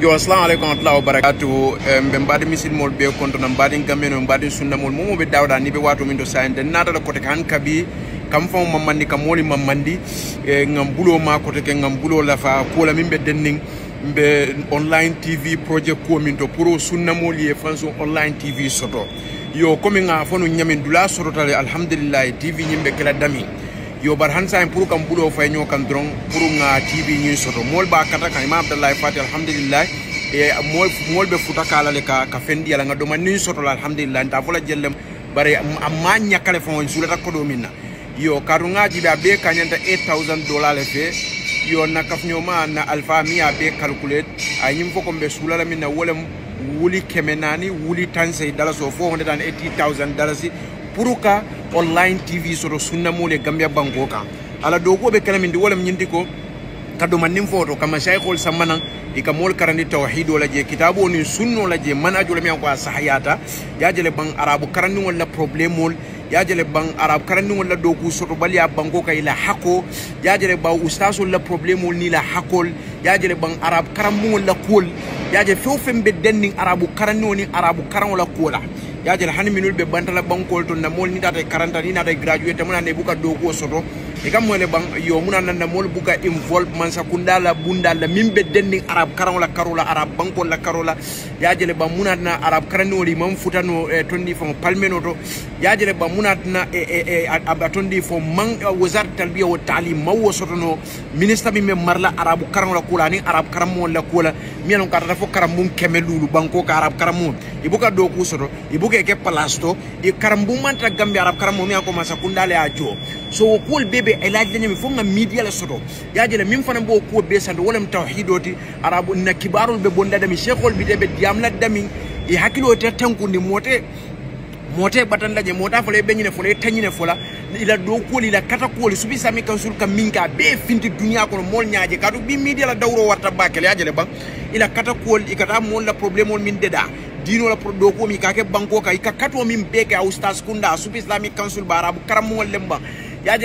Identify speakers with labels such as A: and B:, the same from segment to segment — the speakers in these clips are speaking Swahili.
A: yo assalamu aleykum warahmatullahi wabarakatu ɓe eh, mbaɗi misilmol ɓe konto no mbadi gammen o mbaɗin sunnamol momoɓe dawɗa ni ɓe wato min to sahen den natala kote ka han kabi kam fam mammandi kam moli mammandi e eh, bulo ma kote ke ngam bulo lafa kuola min ɓe denning mbe online tv projet ko min to pour o ye fanso online tv soto yo komin ga fono ñamin dula sototale alhamdulillahi tv ñimɓe kela dami yo bar han sa pour kam bulo fay ñoo kan dron pour nga tv ñuy soto mol ba kata kan imam abdallah fati alhamdulillah e eh, mol mol be futa kala le ka ka fendi yala nga do man ñuy soto alhamdulillah ta fola jellem bare ma ñakale fon la ko do minna yo ji da be ñanta 8000 dollars le fe yo na ma na alfa a be calculate ay ñim fo ko be sulala minna wolem wuli keme nani wuli tanse dala so 480000 dollars pour ka online tv soto sunnamolu e gambia banko kan ala dow ko ɓe kalamindi wala mi ñindi ko kadoma nin foto kama shaykhol sammanan i ka moolu karandi tawhido la je kitabo ni sunno la je manajo la miyan ko sahayata yajele ban arabu karandiŋol la problémol yajele ban arabu karandiŋol la soto sotobaliya banko ka ila hako yajele ba ustasol la problémol ni la hakol yajele ban arabu karanmuŋol la kol yaje few feŋ be denniŋ arabu karandiŋo niŋ arabu karaŋo la kuwo ya yajel hani minul be bantala bankol to na mol ni tata karanta ni nata graduate mo na ne buka doku soto e kam mole bang yo mo na na mol buka involvement sa kunda la bunda la mimbe dending arab karola karola arab bang bankol la karola ya yajel ba mo na na arab karani woli mam futano e eh, tondi fo palmeno to ya yajel ba mo na na eh, eh, e e e abatondi fo mang wazar talbiya wa ta'lim wo soto no minister mi me marla arab karola kula ni arab karamo la kula mi non karata fo karamum kemelulu banko ka arab karamum ibuka doku soto ibuka ke palasto i karambu manta gambi arab karambo mi ako masa kundale a jo so kul bebe elaji nyami fo nga media la soto ya la min fana bo ko be sando wala tawhidoti arabu na kibarul be bonda dami sheikhol bi diamla dami e hakilo te tankundi mote mote batanda je mota fola fole fola ne fola ila dokuol ila katakuol subisa mi kan surka minka be finti duniya kono mol ñaaje kadu bi media la dawro warta bakele le ba ila katakuol kata mol la problem mol min deda dino la doko mi kake banko ka ika katwa min be ka stars kunda subi islamic barab barabu mol lemba an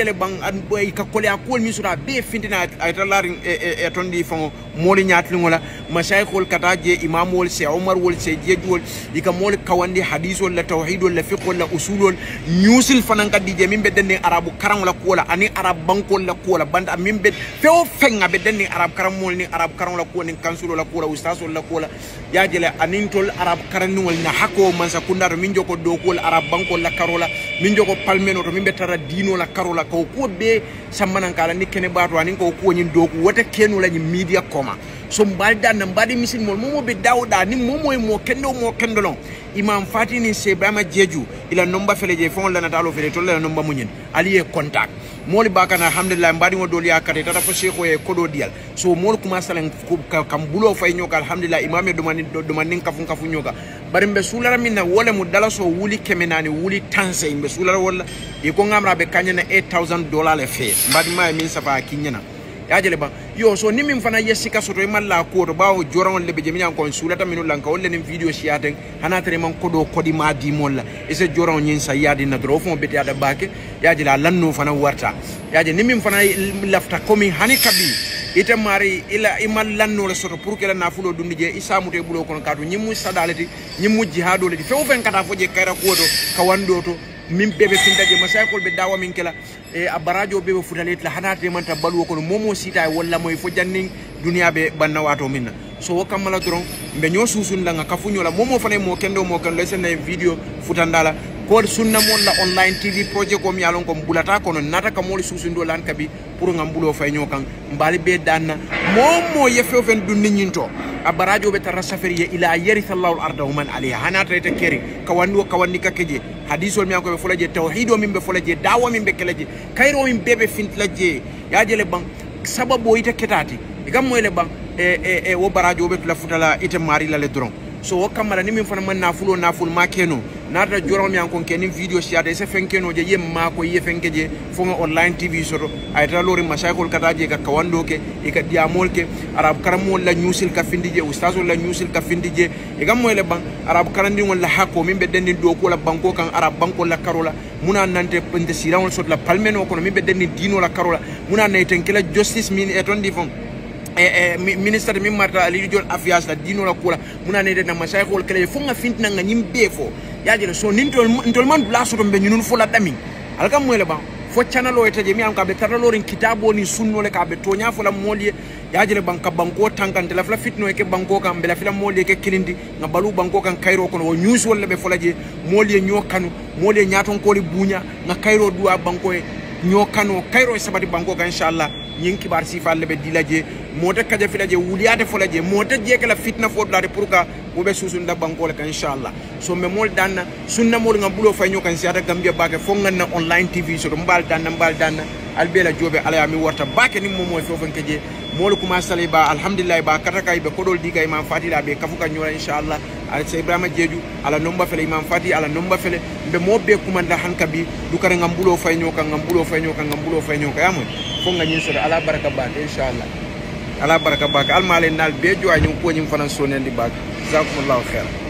A: ban ka kole akol mi sura be finti na aytalarin e, eh, e, eh, e eh, tondi fango moli ñatliŋola masayikhol kata je imamol se omarwol se jejuwol i ka moolu kawandi hadisol la tawhidol la fiqol la usulol ñusil fanan kadi je min be denni arabu karaŋo la kuwo la ani arabu bankol la kuwo la banta min be feŋ o feŋ a be denni arabu karamol ni arabu karaŋo la kuwo nin kansulo la kuwo la ustasol la kuwo la yajele anin tol arabu karandiŋol na hakko mansa kundato min jogo dokuwol arabu bankol la karo la min jogo palmeno to min be tara diino la karo la ko kuwo be sammanan la ni kene bato anin ko kuwo ñin doku te kenu la ñin media ko koma so mbalda na mbadi misil mol momo be dawda ni momo ye moo kendo moo kendo lon imam fati ni se brama jeju ila nomba fele je fon lana fele to lana nomba munyen ali e contact moli baka na alhamdulillah mbadi ngo doli akate tata fo sheko kodo dial so mol kuma salan kam bulo fay nyoka alhamdulillah imam e domani domani ka fun ka bari mbe sulara min na wole mu dala so wuli kemenani wuli tanse mbe sulara wala e ko ngamra be kanyana 8000 dollars le fe mbadi ma min safa kinyana yajele ba yo so ni min fana yesi ka soto imal la ko to bawo joron lebe jemi nyan kon sulata minu lanka wolle nim video shiaten hana tere man kodo kodi ma di molla se joron nyin sa yadi na dro fon beti ada bake yajele lanno fana warta yaje ni min fana lafta komi hani kabi ite mari ila imal lanno le soto pour que la nafulo dundi je mute bulo kon kadu nyimu sadalati nyimu fe o fen kata fo foje kayra to ka wandoto min bebe fintaje kol ɓe dawa min kela e a baradio ɓe ɓe futaleetla hanatemanta baluwo kono momo sita e walla moye fo janni duniya ɓe wato minna so wo kammala doron mbe ño susunlanga kafuñola momo fana mo kendo mo kendo sennayi vidéo futandala ko sunna mon la online tv projet ko mi yalon ko bulata kono nata ka mol susundo lan kabi pour ngam bulo fay kan mbali be danna momo yefe fen ñin to abarajo be tarra safariya ila yaritha llahu larda wa man alayha hana tayta keri kawandi o kawandi kake je hadisol mi an koɓe folaje tawhido min ɓe folaje dawa min ɓe kelaje kayro min beɓe fintila je yajele ban sababu o ita ketati e gam moyle ban e e e wo barajo o ɓe tula futala ite mari lale dron so wo kammala ni min fana man nafulo naful ma keno nata jorom yan kon kenin video siyata ise fenkenoje ma ko ye fenke je fonga online tv soto aytata lori masaykol kata je ka kawando ke e ka diyamol ke arab karamo la ñusil ka findi je oustasol la ñusil ka findi je e gam moyle ban arab karandiŋol la hako min ɓe denndin dookuo la banko kan arab bankol la karola muna nante nte siraŋol soto la palmeno ko min ɓe denndin dino la karola muna nayi ten kela justice min e eh, toon di fon Eh, eh, ministre min marta ali joni afias la dino la dinola kuola munanede na masayikhol kelaje fo ga fintinanga ñim bee fo yajele so nintol nintol man bla soto mbe nyunun fo la damin alkam mwele ba fo channel o etaje mi am ka be taralo rin kitabo ni sunno le ka be tonya fo la moliye yajele banka banko tankante la fla fitno e ke banko kam bela la fla moliye ke kilindi na balu banko kan kairo kono wo news wala be folaje moliye kanu moliye nyaton koli bunya na kairo duwa banko e nyokano kairo e sabati banko ka inshallah ñing kibar si falle be dilaje mota kaja filaje wuliyate folaje mota je kala fitna fo dulate pour ka wo be susun da banko le kan inshallah so me mol dan sunna mol ngam bulo fay nyokan si ata gambia bake fo na online tv so mbal dan mbal dan albeela jobe alaya mi warta baake mo momo e fofen keje moolu kuma salay ba alhamdulillahi ba katakay be kodol diga imam mam fatila be kafu kan ñoola inchallah ala sey ibrahima jeju ala nomba fele imam fati ala nomba fele ɓe moɓɓe kumanda han kabi dukara gam ɓuulo fayño kan gam ɓuulo fayño kan gam ɓuulo fayño ka yamoy fo gañin soto ala baraka baake inshallah ala baraka baake almalen naal be jowa ko kuwoñin fanan di baake jasakumllahu heira